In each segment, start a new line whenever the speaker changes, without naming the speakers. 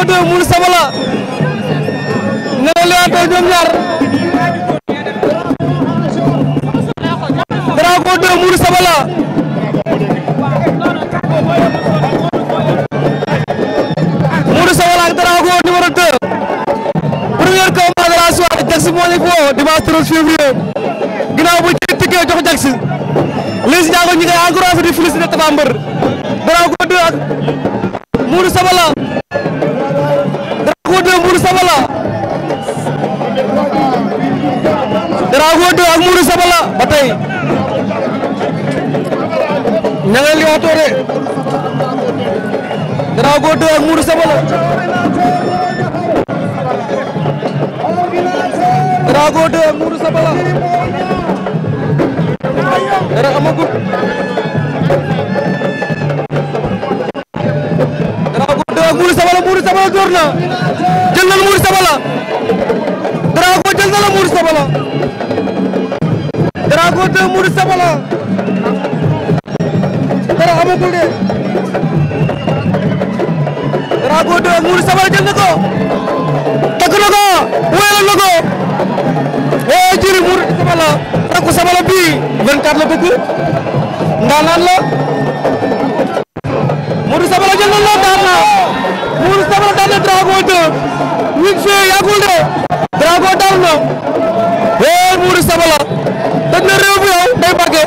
numéro 2 Mourou Sabala nee na lewaatoo ñoom ñaar Drago 2 Mourou Sabala Mourou Sabala ak Drago numéro 2 premier combat de la soirée Jax moo ñu woo dimanche 13 février ginnaaw bu ci tikkee jox Jax Liss Ndiago ñi ngay encouragé di félicité Tapha Mbeur Drago 2 ak Mourou Sabala Touré Drago 2 ak Modou Sabala Drago 2 ak Modou Sabala dara amagut Drago 2 ak Modou Sabala Modou Sabala door na jël na Modou Sabala Drago jël na Modou Sabala Drago 2 Modou Sabala dara amagul de Drago 2 Mourou Sabar jël na ko takk na ko wéyal na ko eh jëri Mourou Sabar la takku Sabar la bii 24 la bëgg ndaanaan la Mourou Sabar jël na la daan na Mourou Sabar daan na Drago 2 huit fee yàggul de Drago daan na eh Mourou Sabar la tëj na réew mi yow day barke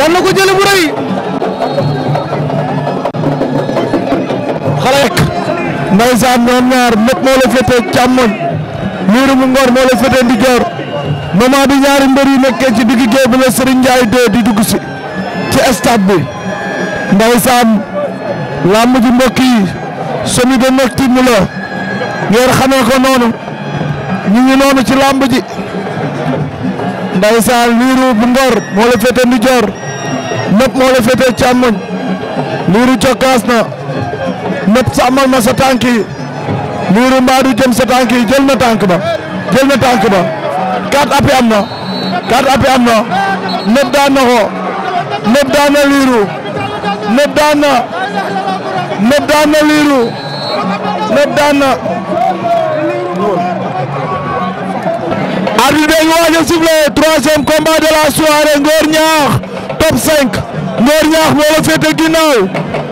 daan na ko jëlee bu rëy
ndeysaan ñoom ñaar lépp moo la féetee càmmoñ liiru mu ngor moo la féetee ndijoor moment bi ñaari mbër yi nekkee ci digg géew bi la Serigne Ndiaye dee di dugg si ci stade bi ndeysaan làmb ji mbokk yi semi de nocturne la ngeen xamee ko noonu ñu noonu ci làmb ji ndeysaan liiru bu ngor moo la féetee ndijoor lépp moo la féetee càmmoñ liiru cokkaas na lépp sàmmal ma sa tànk yi Lirou jëm sa tànk yi jël na tànk ba jël na tànk ba quatre appuis am na quatre appuis am na lépp daan na ko lépp daan na Lirou lépp daan na lépp daan na Lirou lépp daan na. arbitre bi waaj a sifflé troisième combat de la soirée Ngor Niakh top 5 Ngor Niakh moo la féete ginnaaw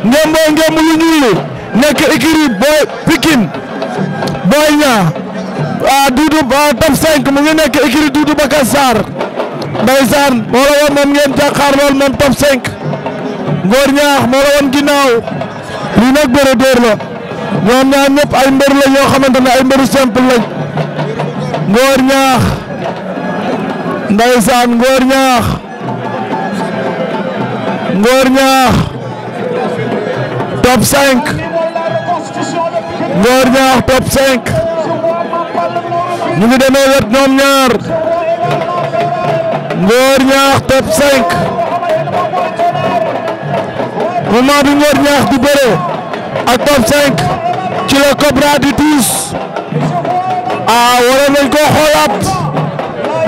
ngemboo ngemb yu ñuul nekk écurie booy Pikine Boy Niang ah Doudou top 5 mu ngi nekk écurie Doudou Baka Sarr ndeysaan moo la woon moom ngeen jàkkaarlool moom top 5 Ngor Ñaax moo la woon ginnaaw lii nag bëre dóor la ñoom ñaar ñëpp ay mbër xamante ne ay mbëru simple lañ Ngor Ñaax ndeysaan Ngor Ñaax top 5. Ngor Niakh top 5 ñu ngi bi Ngor Niakh di bëre ak top 5 ci la Cobra di tuus ah wala nañ koo xoolaat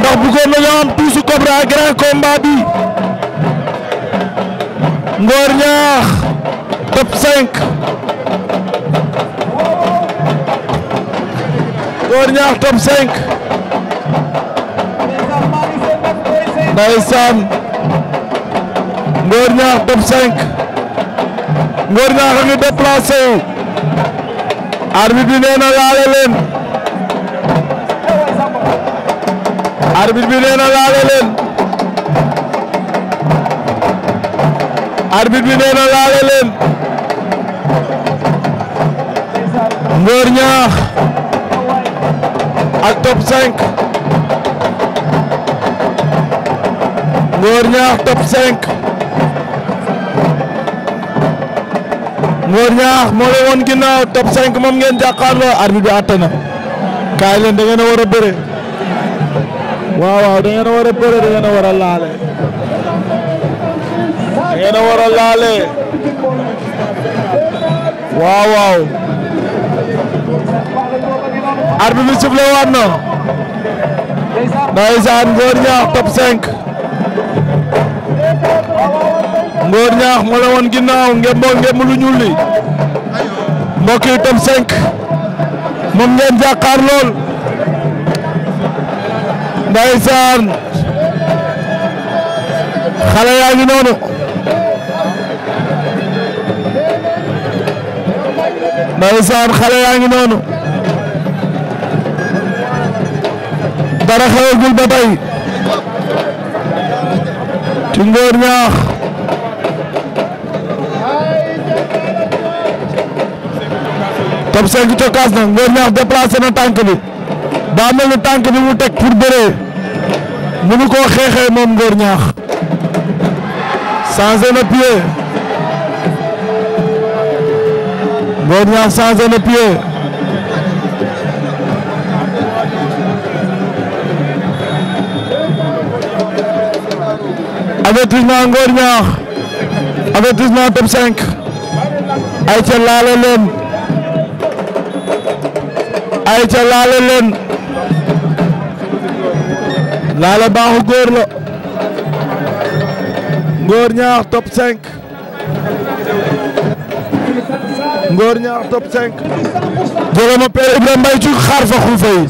ndax bëggoon nañoo am tuusu Cobra grand combat bi Ngor Niakh top 5. Ngor Ñaax top 5 ndeysaan Ngor a ngi déplacé wu arbitre bi bi nee na laale leen arbitre bi nee na laale leen Ngor Ñaax ak top 5 Ngor Niakh top 5 Ngor Niakh moo la woon ginnaaw top 5 moom ngeen jàkkaarloo arbitre bi àtte na kaay leen da ngeen a war a bëre waaw waaw da ngeen a war a bëre da ngeen laale da ngeen a laale waaw waaw arbitre bi sifflé waat na ndeysaan Ngor top 5 Ngor Niakh moo la woon ginnaaw ngembo ngemb lu ñuul li mbokk top 5 moom ngeen jàkkaar lool ndeysaan xale ngi xale yaa ngi noonu dara xewagul ba tey ci ngóor ñaax top 5 cokaas na ngóor ñaax déplacé na tànk bi daa mel ni tànk bi mu teg pour bëree mënu koo xeexee moom ngóor ñaax changé na pied ngóor ñaax changé na pied avertissement Ngor Niakh avertissement top 5 ayca laale leen ayca laale leen laale baaxu góor la Ngor Niakh top 5 Ngor Niakh top 5 joloma père Ibrahima Mbaye ci xaar fa xul fay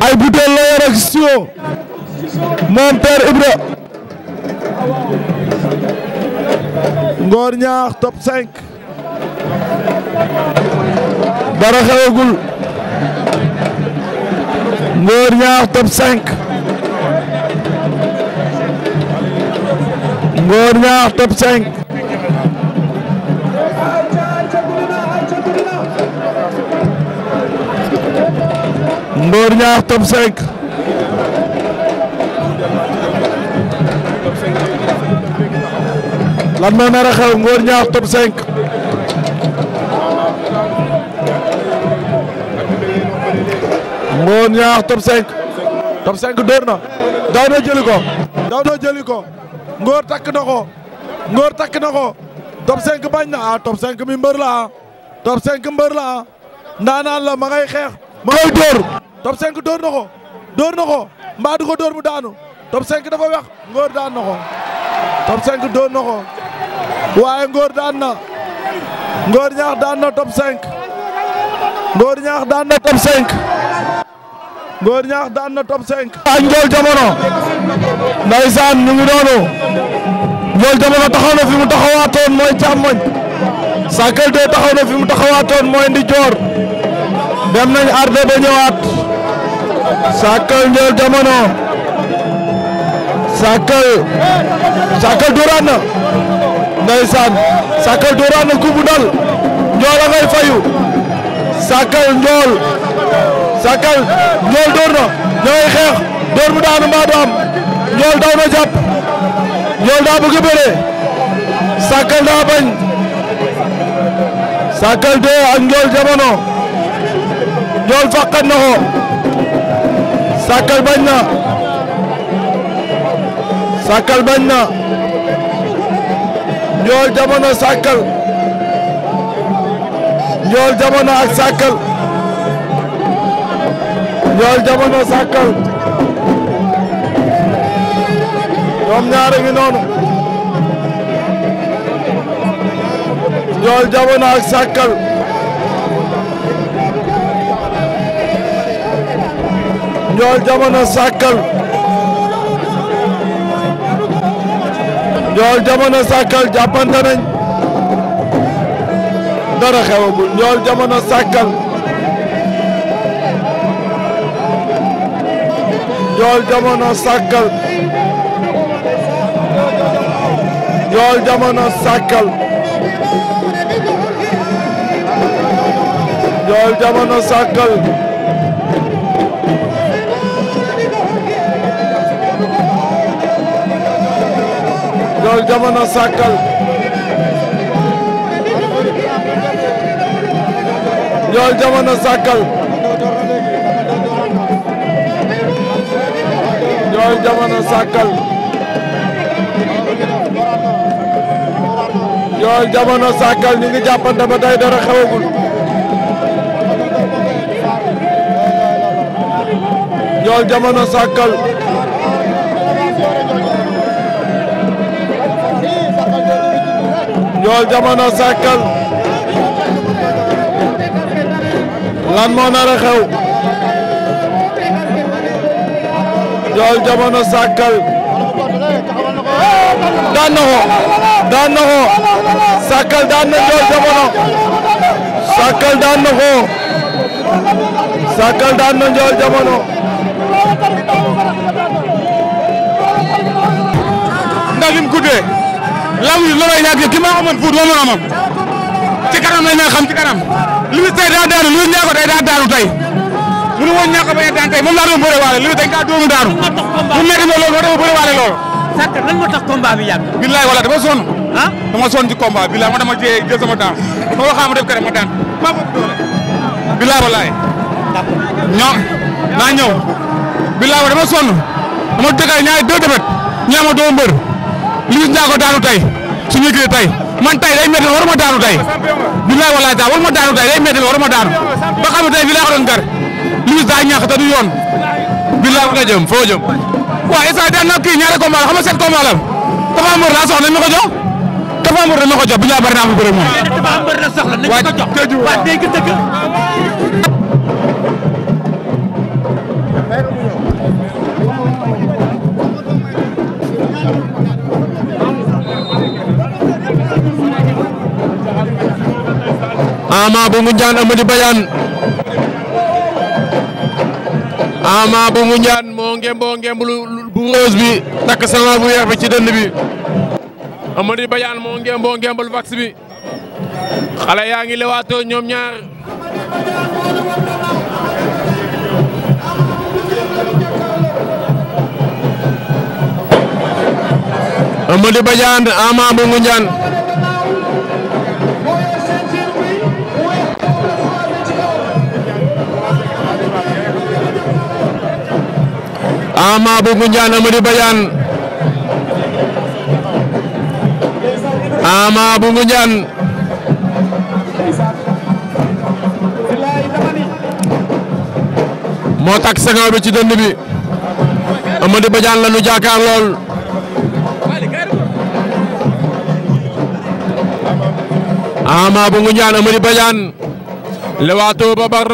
ay butéel la yor ak studio moom père Ibrahima Ngor Niakh top 5 dara xewagul Ngor Niakh top 5 Ngor lan moo nar a xew Ngor Niakh top 5. top 5. top na. daaw jëli ko. daaw jëli ko. Ngor takk na ko. Ngor takk na ko. top 5 bañ na ah top 5 mi mbër la ah. top 5 mbër la ah. ndaanaan la ma ngay xeex. ma ngay dóor. top 5 dóor na ko. dóor na ko mbaa daanu. top 5 dafa wax Ngor daan na ko. top 5 dóor na ko. waaye Ngor daan na Ngor ñaax daan na top 5 Ngor ñaax daan na top 5 Ngor ñaax daan na top 5. ak Ndiol Jamono ndeysaan ñu ngi noonu Ndiol Jamono taxaw na fi mu taxawaatoon mooy càmmoñ Sakel de taxaw na fi mu taxawaatoon mooy ndijoor dem nañ arde ba ñëwaat Sakel Ndiol Jamono Sakel Sakel duraan na. ndeysaan Sakal dóoraan na kubu dal Ndiol a ngay fayu Sakal Ndiol Sakal Ndiol dóor na ñooy xeex dóor daa bëgg bëre Sakal daa bañ Sakal dee ak Ndiol jamono Ndiol fàqat na ko Sakal bañ na Sakal bañ na Ndiol Diamono Sakal Ndiol Diamono ak Sakal sakkal Diamono Sakal ñoom ñaar a ngi noonu Ndiol Jamono Sakal jàppante nañ dara xewagul Ndiol Jamono Sakal Ndiol Jamono Sakal Ndiol Jamono sàkkal jamono sàkkal njool jamono sàkkal njool jamono sàkkal njool jamono sàkkal ñu ngi jàppante ba tey dara xewagul njool Ndiol Diamono Sakal lan moo a xew Ndiol Diamono Sakal daan na ko daan na ko Sakal daan na Ndiol Diamono Sakal daan na lam yi looloo yàgg ki ma amoon fuut moo mën a am ci daa daanu li
mu ñàkk a tey daa daanu tey mënu woon ñàkk a bañ a daan tey moom laa doon bëre waale li mu tey kaa doomu daanu mu metti ma loolu ma dama bëre waale loolu Sarkar lan moo tax combat bi yàgg billaay wala dama sonn ah dama sonn ci combat billaay ma dama jël jël sama daan ma waxaa ma def kanam ma daan maa ko doole billaay walaay ñoo naa ñëw billaay wa dama
sonn dama dëggal ñaari deux défaite ñaama doo mbër Liss Ndiago daanu tey suñu kii tey man tey day métti waruma daanu tey billaay wallaay taa waruma daanu tey day métti waruma daanu ba xam ne tey fii laa ko doon gar Liss daa ñàkk te du yoon. billaay nga jëm foo jëm. waaw instant daan na kii ñaari combat la xam nga seen combat la Tapha Mbeur laa soxla nañ ma ko jox Tapha Mbeur dañ ma bari naa am bëre Ama bu Ngoundiane Amady
Badiane Ama bu Ngoundiane moo ngem boo ngem bu rose bi takk sanga bu weex bi ci dënd bi Amady Badiane moo ngem boo ngem bu vax bi xale yaa ngi lewaatoo ñoom ñaar
Amady Badiane Ama bu Ngoundiane ama bu Ngunjaan Amady Badiane ama bu Ngunjaan moo takk sangaw bi ci dënd bi Amady Badiane la nu jàkkaar lool
ama bu Ngunjaan Amady Badiane lewaatoo ba bar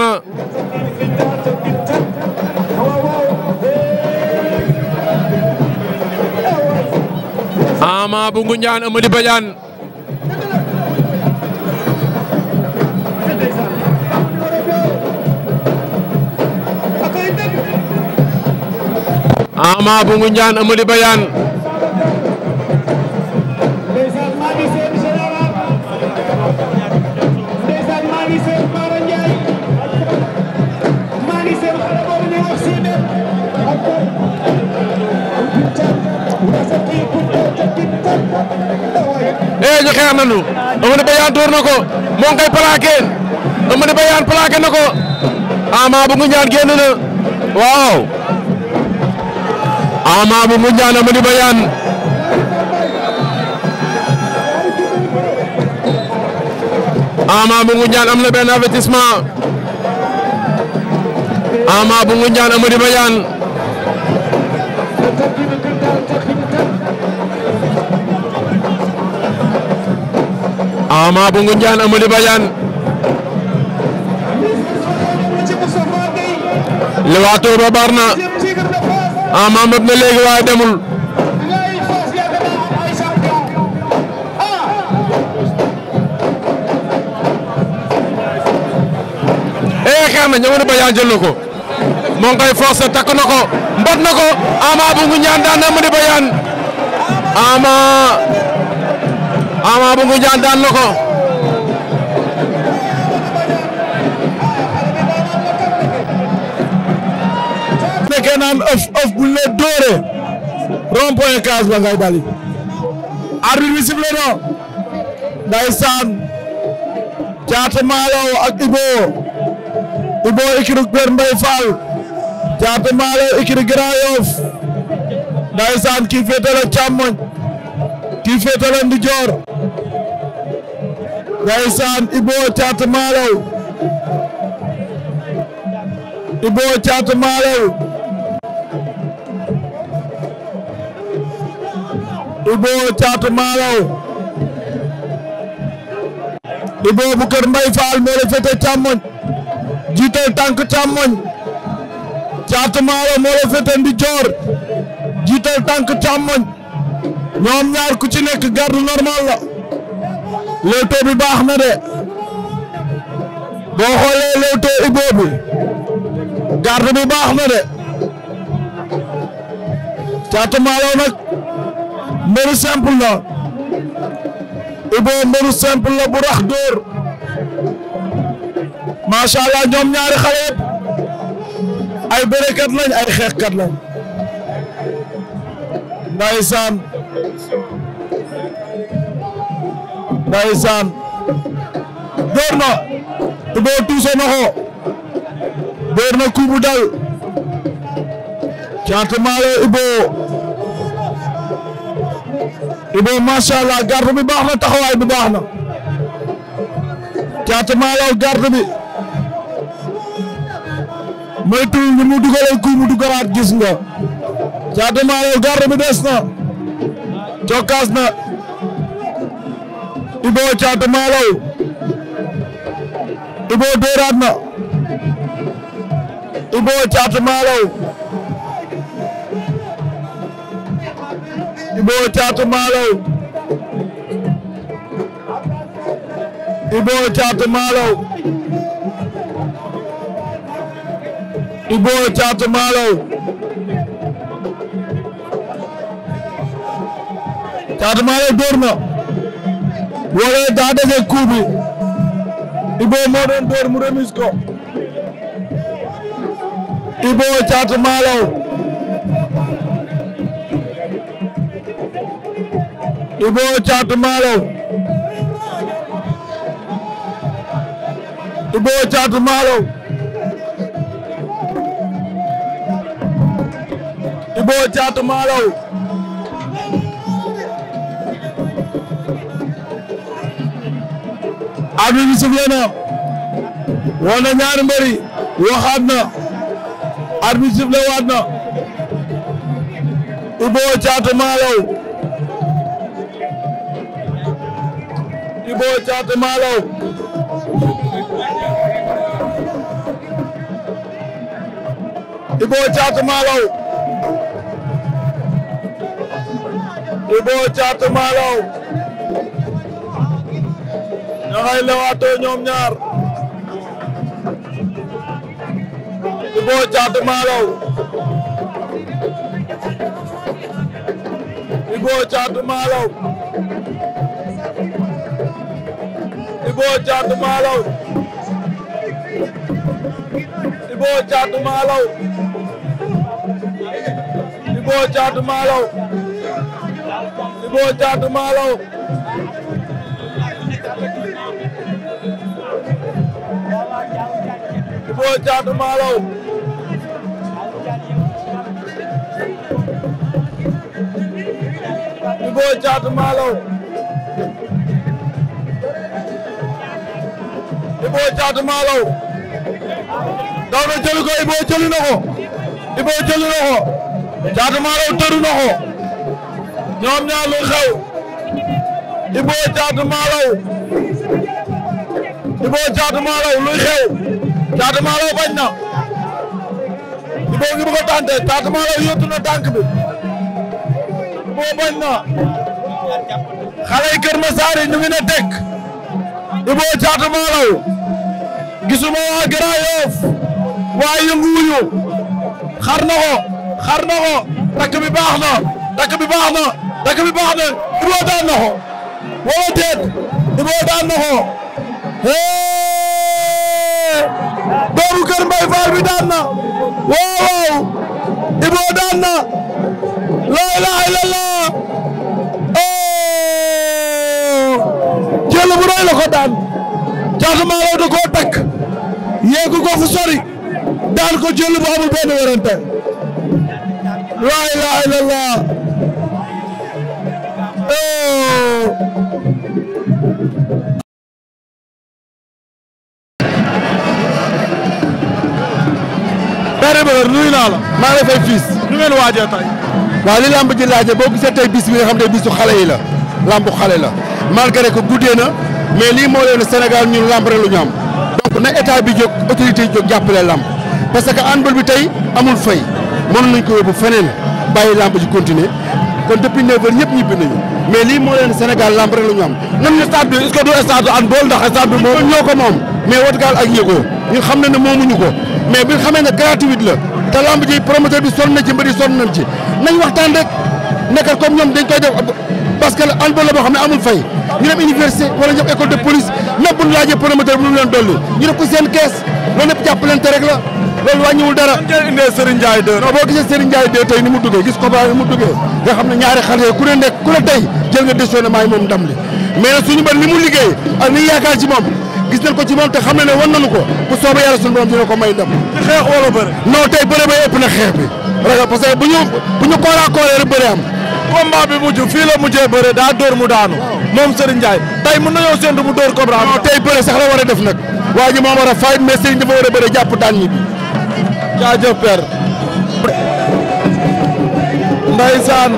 Ama bu Ngunjaan Amady Badiane Ama
bëre ñu xeex nañu Amady Bayane door na moo ngi koy plaqué Amady Bayane plaqué na ko Ama bu
Ama bu Ngunjaan Amady Badiane lewaatoo ba bar na
Ama mëb na léegi waaye demul ee eh, xeex na ñamadi Badiane jël na ko moo ngi koy forcé takk na ko mbot na ko Ama bu daan na Amady Badiane Ama Ama bu Ngoudiane daan na ko nekkee ëf ëf bu dóore rond point case ba ngay dali arbitre bi sifflé na ndeysaan Caatu Maalaw ak Ibo Ibo ikiru Mbay Fall Caatu Maalaw ikiru Grand Yoff ndeysaan kii féete la kii féete la ndijoor Ndeysaan Ibo Caatu Maalaw Ibo Caatu Maalaw Ibo Caatu Maalaw Ibo bu Kër Mbay Faal moo la féete càmmoñ jiital tànk càmmoñ Caatu Maalaw moo la féete ndijoor jiital ñoom ñaar ku ci nekk léewtoo bi baax na de boo xoolee léewtoo Ibo baax na de Caatu Malaw nag mbëru simple la Ibo mbëru simple la bu rax dóor macha allah ñoom ñaari xale ay bërekat lañ ay xeexkat lañ ndaysaan ndeysaan door na te boo tuuse na ko door dal Caatu Malo Ibo Ibo macha allah na taxawaay bi na Caatu Malo garde bi mu dugalee coup mu dugalaat gis nga Caatu Malo garde bi des na cokkaas na. Ibo Caatu Malaw Ibo dóoraat na Ibo Caatu Malaw Ibo Caatu Malaw Ibo Caatu Malaw Ibo Caatu Malaw Caatu Malaw na wala daa dese coup bi Ibo moo doon door mu remis ko Ibo Caatu Malaw Ibo Caatu Malaw Ibo Caatu Malaw Ibo Caatu Malaw arbitre bi sifflé na woon na ñaari mbëri waxaat na arbitre sifflé waat na Ibo Caatu Maalaw Ibo Caatu Maalaw Ibo Caatu Maalaw Ibo Caatu Maalaw ña ngay lewaatoo ñoom ñaar Ibo Caatu Malaw Ibo Caatu Malaw Ibo Caatu Malaw Ibo Caatu Malaw Ibo Caatu Malaw Ibo Caatu Malaw drapeau Thiatou Malaw Ibo Thiatou Malaw Ibo Thiatou Malaw daw na jëlu ko Ibo na ko Ibo jëlu na xew Ibo Thiatou Malaw Ibo xew Caatu Malaw bañ na Ibo ngi bëgg a tànte Caatu Malaw yottu na tànk bi Ibo bañ na xale yi Kër Masar ñu ngi ne teg Ibo Caatu Malaw gisuma waa Grand Yoff waa yëngu wuñu xar na ko xar na ko takk bi baax na takk bi baax na takk bi baax na Ibo daan na ko
wala déet Ibo daan na ko doomu kër Mbaye Fall bi daan na waaw waaw Ibo daan na la ilaha bu rëy ko daan Caatu Malaw da koo takk
yéegu ko fu sori daan ko jël bu amul benn werante
la ilaha illallah nuyu naa la. maa ngi lay fay fiis. nu ngeen
waajee tey. waaw li lamb ji laajee boo gisee tey bis bi nga xam ne bisu xale yi la lambu xale la malgré que guddee na mais lii moo leen Sénégal ñun lamb rek lu ñu am donc na état bi jóg autorité jóg jàppale lamb parce que handball bi tey amul fay mënoon nañ ko yóbbu feneen bàyyi lamb ji continuer kon depuis 9 heures ñëpp ñibbi nañu mais lii moo leen Sénégal lamb lu ñu am. ñun ñu stade bi est que du stade handball ndax stade bi moom ñoo ko mais Watgal ak Yégo ñun xam nañ ne moomuñu ko mais bi xamee ne gratuite la. te lamb ji promoteur bi sonn na ci mbër yi sonn nañ ci nañ waxtaan rek nekkal comme ñoom dañ koy def parce que boo xam ne amul fay ñu dem université wala ñu école de police même bu laajee promoteur bi lu leen dolli ñu def ko seen kees loolu lépp jàppalante rek la loolu wàññiwul dara. lan ngeen indee boo gisee Serigne Ndiaye 2 tey ni mu duggee gis combat ni mu duggee nga xam ne ñaari xale ku ne nekk ku ne tey jël nga décision ne maay moom ndam li mais nag suñu gis nañ ko ci moom te xam na ne wan nañu ko bu soobee yàlla suñu borom dina ko may dem ci xeex wala bëre non tey bëre ba ëpp na xeex bi ragal parce bu ñu bu ñu ko kooree rek bëre am combat bi mujj fii la mujjee bëre daa dóor mu daanu moom Serigne Ndiaye tey mën nañoo séntu mu dóor Cobra non tey bëre sax la war a def nag waa ji moom war a fay mais Serigne dafa war a bëre jàpp daan ñi bi jaajëf père ndeysaan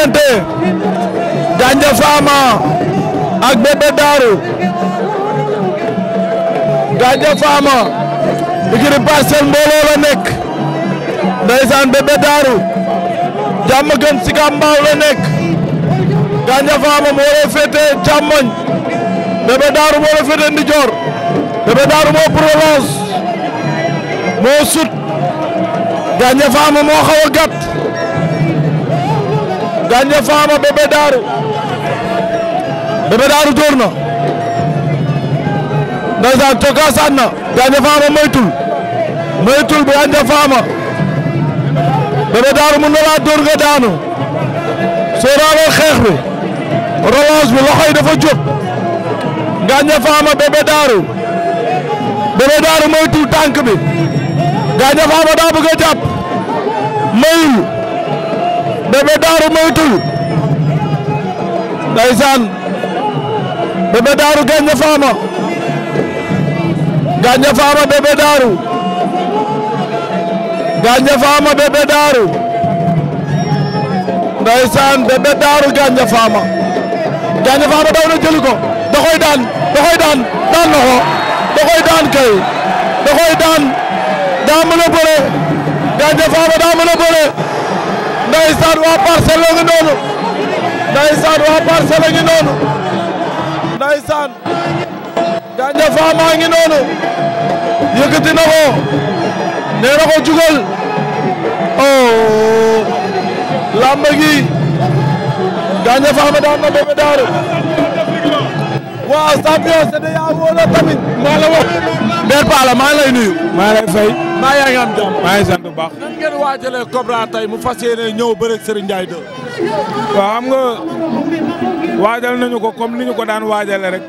diggante Gandia Fama ak Bébé Darou Gandia Fama igiri parcelle mbooloo la nekk ndeysaan Bébé Darou jàmm gën si kàmbaaw la nekk Gandia Fama moo la féete càmmoñ Bébé Darou moo la ndijoor Bébé Darou moo prolonge moo sut Gandia Fama moo xaw a gàtt Gandia Fama Bébé Daaru Bébé Daaru door na ndeysaan cokkaasaan na Gandia Fama moytul moytul bu Gandia Fama Bébé Daaru mën na laa door daanu soo daanoo xeex bi relance bi loxo yi dafa jóg Gandia Fama Bébé Daaru Bébé Daaru moytul tànk bi Gandia Fama daa bëgg jàpp mayul Bébé Daaru moytul ndeysaan Bébé Daaru Gandia Fama Gandia Fama Bébé Daaru Gandia Fama Daaru ndeysaan Bébé daw na jëli ko
daan daan daan na daan kay da daan daa mën a bëre Gandia Fama daa mën ndeysaan waa
parcelle la ngi noonu ndeysaan waa parcelle la ngi noonu ndeysaan Gandia Fama ngi noonu yëkkati na nee na ko jugal oh làmb gi Gandia Fama daan na Bébé Daaru
waaw champion c'est de yaa woo tamit maa la wax Père Pala maa lay nuyu maa lay fay maa yaa ngi am jàmm maa ngi sant bu baax waajalee Cobra tey mu fas yéene ñëw bëreeg Serigne Ndiaye 2. waaw xam nga waajal nañu ko comme ni ñu ko daan waajale rek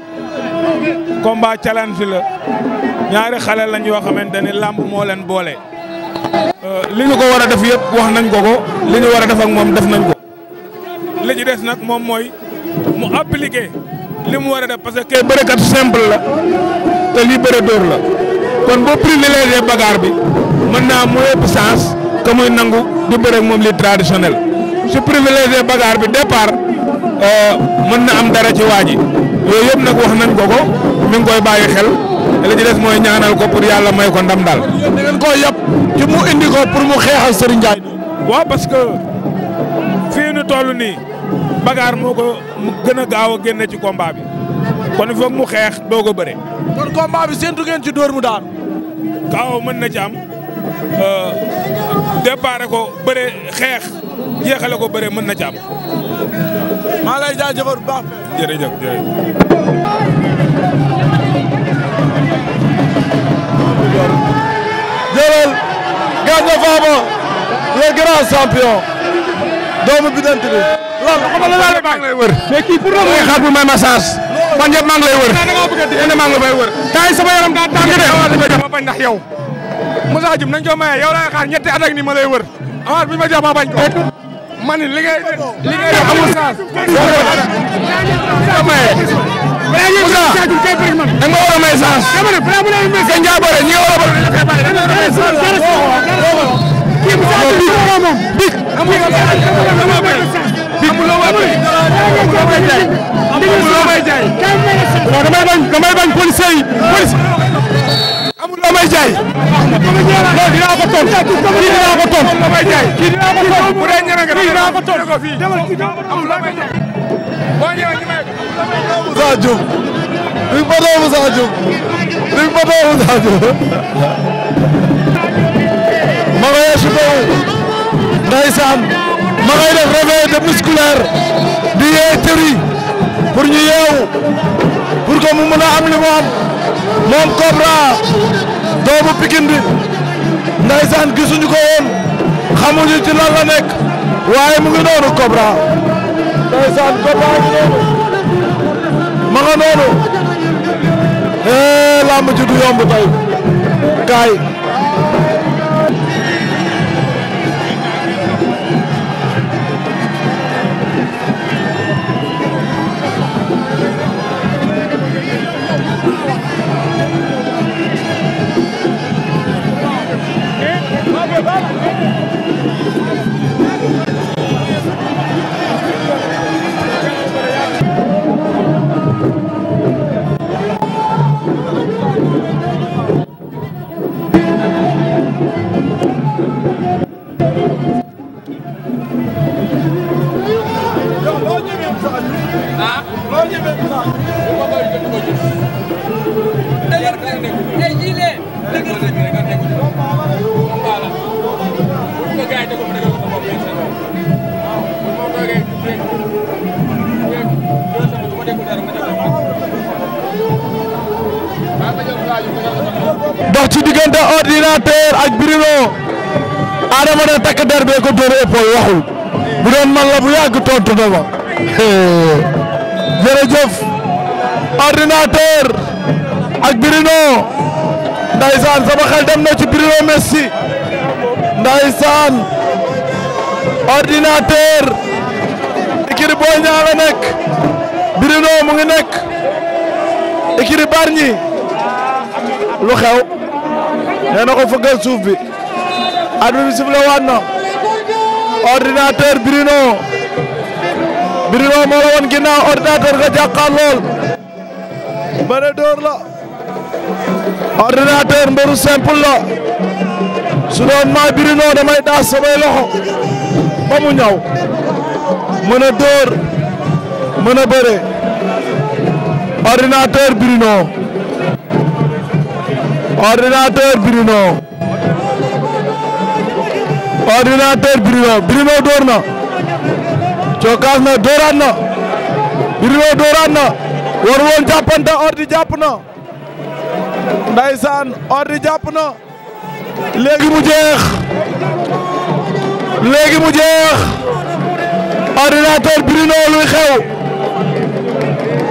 combat challenge la ñaari xale lañ yoo xamante ni làmb moo leen boole. Euh, li ñu ko war a def yëpp wax nañ ko ko li ñu war a def ak moom def nañ ko. li ci des nag moom mooy mu appliqué li mu war def parce que kay bërekat simple la te lii bëre dóor la kon boo privilégié bagaar bi mën naa mu ëpp sens. que muy nangu di bëreeg moom li traditionnel su privilégié bagaar bi départ euh, mën na am dara ci waa ji yooyu yëpp nag wax nañ ko ko mi koy bàyyi xel li ci des mooy ñaanal ko pour yàlla may ko ndam daal. da ngeen koy yab mu indi ko pour mu xeexal Serigne Ndiaye. waaw parce que fii nu toll nii bagaar moo ko gën a gaaw a génne ci combat bi kon il faut mu xeex doo ko bëre. kon combat bi séntu ngeen ci dóor mu daanu. kaaw mën na ci am. Euh, déparé ko bëre xeex jeexale ko bëre mën na ci am. maa lay jaajëfal bu baax. jërëjëf jërëjëf.
jëlal Gandia Fama le grand champion
doomu bidante bi. loolu xam nga la daal maa ngi lay wër. mais kii pour nga xaar pour may massage. man yëpp maa ngi lay wër. maa ngi lay wër. kaay sama yaram daa tàng de. dama bañ ndax yow. Moussa Dioum nañ ko maye yow laay xaar ñetti at ak ni ma lay wër amaat bi ma jox ma bañ ko man li ngay li ngay def amul sens. da nga
war a may sens. seen jaaboore ñi nga war a bëri dañu koy bàyyi da nga war a may sens. kii Moussa Dioum moo moom dik amul loo may amul loo may jaay amul loo may jaay. damay bañ damay bañ police yi police. amul loo may jaay. loolu dinaa ko tontu kii dinaa ko tontu. kii dinaa ko tontu bu dee ñeme nga dinaa ko
tontu. amul loo may jaay. boo ñëwee ñu may ko. Moussa Diop. duñ ko doon Moussa Diop. duñ ko doon Moussa Diop. ma koy échouffé. ndeysaan. ma koy def réveil de musculaire. di yee tëri. pour ñu yeewu pour que mu mën a am li mu moom Cobra doomu Pikine bi ndaysaan gisuñu ko woon xamuñu ci lan nekk waaye mu ngi noonu Cobra ndaysaan Cobra ngi noonu ma nga noonu eh lamb ji du yomb tey kaay dox ci diggante ordinateur ak Adama da takk der bee ko dóor épaule bu doon man la bu yàgg tontu na ma jërëjëf ordinateur ak Bruno ndaysaan sama xel dem na ci Bruno Messi ndaysaan ordinateur ikiri booy ñaa nekk Bruno mu ngi nekk ikiri barñi lu xew nee na ko fëggal suuf bi at bi sifle waat na Birima moo la woon ginnaaw ordinateur nga jàkkaar lool bëre dóor la ordinateur mbëru simple la su doon maa Birima damay daas samay loxo ba mu ñaw mën a dóor mën a bëre ordinateur Birima ordinateur Birima ordinateur Birima Birima dóor na Cokkaas na dooraat na Birima dooraat na war woon jàppante Ordi jàpp na ndaysaan Ordi jàpp na léegi mu jeex léegi mu jeex ordinateur Bruno luy xew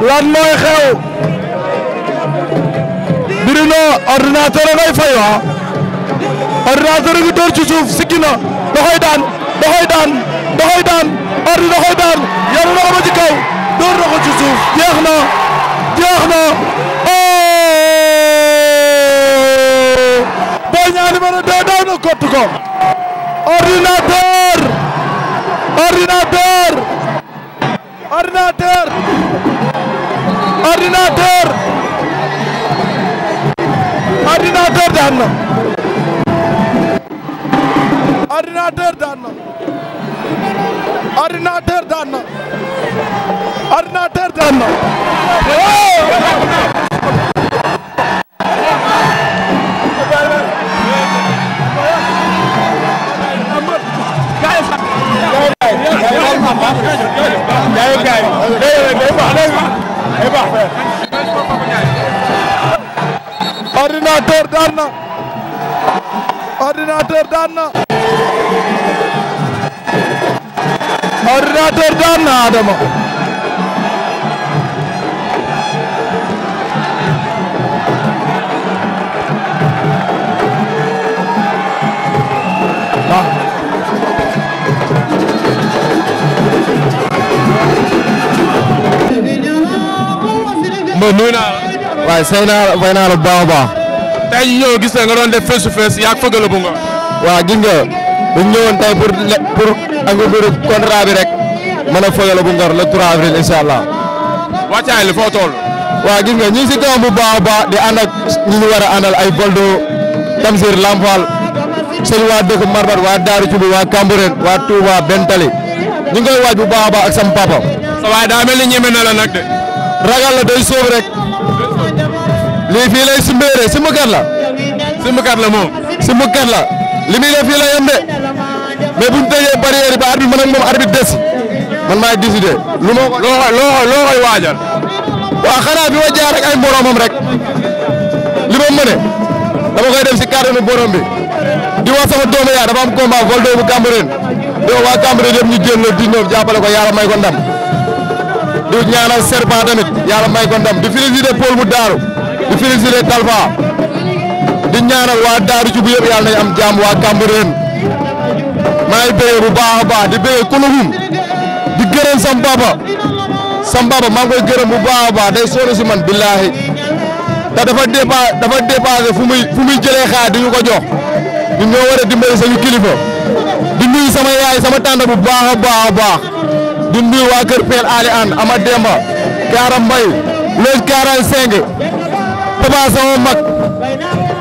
lan mooy xew Bruno ordinateur a ngay fay waa ordinateur a ngi dóor ci suuf na da koy daan da
Ordu da koy daan na
ordinateur daan na ordinateur daan na ordinateur daan na ordinateur daan na ordinateur daan na naa la. waaye sëy naa fay naa la bu baax a
baax. gis nga doon def face to yaa
fëgg la bu nga. waaw gis nga bu ñu ñëwoon tey pour pour engrais rek. man ak Feugueleu bu Ngor le 3 avril incha allah. wàccaay li foo toll. waaw gis nga ñu ngi si kawam bu baax a baax di ànd ak ñi ñu a ay Boldo Tamsir Lampal sëñ waa dëkk Marbat waa Daaru Cubi waa Cambérène waa Touba Bentali ñu ngi waaj bu baax a ak sam papa. sa ñeme na la de. ragal la day sóob rek. lii fii simbeere simbukat la. moom. simbukat la li muy def fii lay yem de mais buñ bi ba arbitre mën ak des. man maay décider lu ma. loo koy loo koy waajal. waaw xanaa bi ma jaar ak ay moromam rek li ma mëne dama koy dem si kàttanu borom bi di wax sama doomu yaa dafa am combat Valdo bu Cambérène di wax waa Cambérène yëpp ñu jël le 19 jàppale ko yàlla may ko ndam di ñaanal serpent tamit yàlla may ko ndam di féliciter Paul bu Daaru di féliciter Talfa di ñaanal waa Daaru ci bu yëpp yàlla nañ am jàmm waa Cambérène maa ngi bëggee bu baax a baax di bëggee Kouloukoum. di gërëm sam papa sam papa maa ngi koy gërëm bu baax a baax day sonn si man billaahi te dafa dépa fu muy fu muy jëlee xaar di ñu ko jox a dimbali sañu di nuyu sama yaay sama tànda bu baax a baax a baax di nuyu waa kër Pell Ali An Ama Demba Kaara Mbay loolu 45 papa sama mag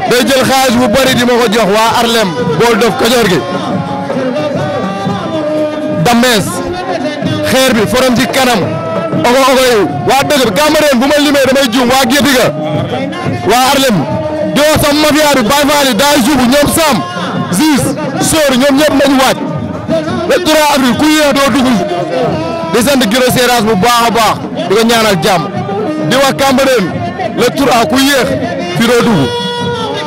day jël xaalis bu bëri di ma ko jox waa Arlem bool Kajoor gi Dames xeer bi forom ci kanam ogo ogo yi waa dëgg bi bu ma limee damay juum waa Gédiga waa Harlem di wax sama mafia bi Baye Fall ñoom Sam Ziz Sori ñoom ñëpp nañu waaj le 3 avril ku yéex doo dugg di sant Guiro Seras bu baax a baax di ko ñaanal jàmm di wax Cambérène le ku yéex fi doo dugg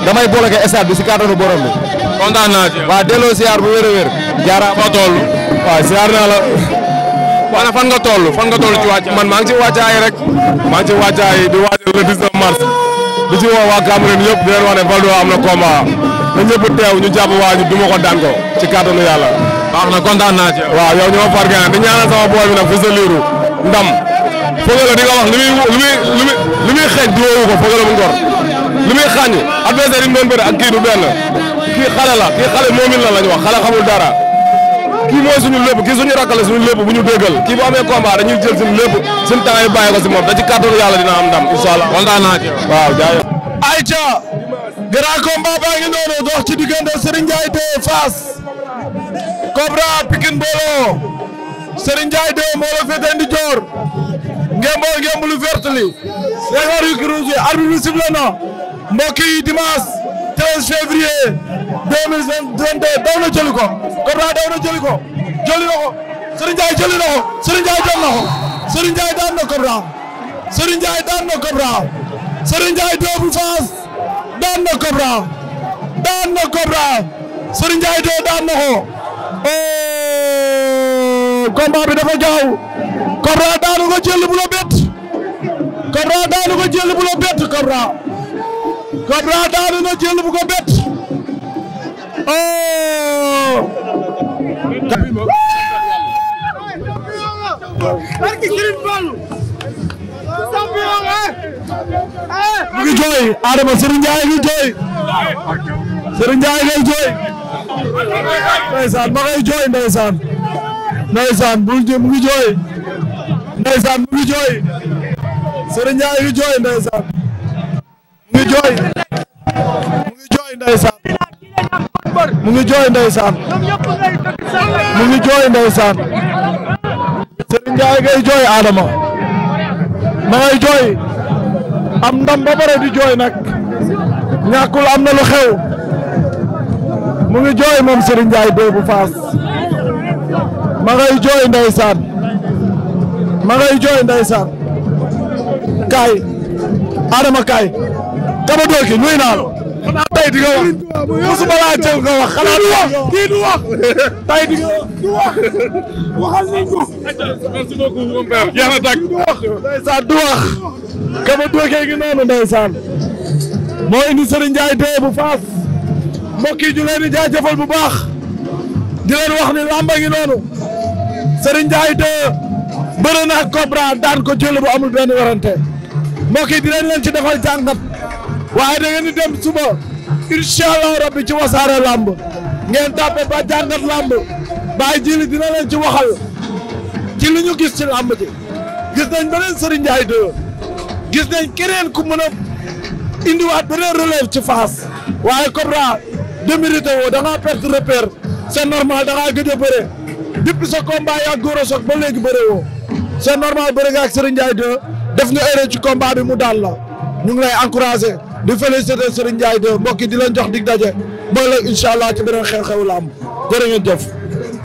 damay bloqué stade bi si kàttanu borom bi.
kontaan delloo siyaar bu wér a wér. jaaraama tool waaw siyaar naa la. wala fan nga toll fan nga toll ci wàcc man maa ci wàccaay rek maa ci wàccaay di waajal le mars di ci woo waa Cameroun yëpp di leen wax ne am na combat na ñëpp teew ñu jàpp waa ñu duma ko daan ko ci kàttanu yàlla. baax na kontaan naa ci waaw yow ñoo far gànnaar di ñaanal sama bi nag fu ndam Feugeuleu di nga wax li muy li muy
li muy xeej di woowu ko Feugeuleu bu ngor li muy xàññ adversaire yi mu doon bëri ak benn
kii xale la kii xale moomin la la ñu wax xale xamul dara. kii mooy suñu lépp kii suñu rakk la suñu lépp bu ñu déggal kii bu amee combat dañuy jël suñu lépp suñu temps yi bàyyi ko si moom da ci kàttanu yàlla dina am ndam incha allah kontaan naa
ci waaw jaay Aïcha grand combat baa ngi noonu dox ci diggante Serigne Ndiaye 2 Fass Cobra Pikine Mbolo Serigne Ndiaye 2 moo la féete ndi joor ngembol ngemb lu verte li senghor yu cruise arbitre bi sifflé na mbokk yi dimanche 13 février deux mille vingt na jëli ko Cobra na jëli ko jëli na ko daan na Cobra Serigne daan na Cobra Serigne daan na Cobra daan daan na ko oh, combat bi dafa gaaw Cobra daanu na jël bu
mu ngi jooy Adama Serigne Ndiaye ngi jooy
Serigne Ndiaye ngay jooy ndeysaan ma ngay jooy ndeysaan ndeysaan mu ngi jooy ndeysaan mu ngi jooy Serigne Ndiaye ngi jooy ndeysaan mu ngi jooy mu ngi jooy ndeysaan mu ngi jooy ndeysaan mu ngi jooy ndeysaan Serigne Ndiaye ngay jooy Adama ma jooy am ndam ba di jooy nag ñàkkul am na lu mu ngi jooy moom Serigne Ndiaye boobu Fass ma ngay jooy ndeysaan ma ngay jooy ndeysaan kaay Adama kaay Daba Doki nuyu naa tey di nga wax mosuma laa jël nga wax xanaa du wax kii nga wax waxal nañ ko. merci beaucoup mon père jeex moo indi Serigne Ndiaye tey bu faas. mbokk yi ñu leen di bu baax. di wax ni lamba ngi noonu. Serigne Ndiaye tey bëre na Cobra daan ko jël bu amul benn warante. mbokk yi di leen leen ci defal jàngat. waaye da ngeen di dem suba incha allah rabbi ci wasaare lamb ngeen tàppe ba jàngat lamb Baye Djily dina leen ci waxal ci ñu gis ci lamb ji gis nañ beneen Serigne Ndiaye deux gis nañ keneen ku mën a indiwaat beneen relève ci face waaye Cobra démérité woo da ngaa perte repère c'est normal da ngaa gëj a bëre depuis sa combat ba léegi bëre woo c'est def nga erreur ci combat bi mu daal la ñu ngi lay di félicité Serigne Ndiaye de mbokk yi di leen jox dig daje ba léegi incha allah ci beneen xew-xewu la am jërë ngeen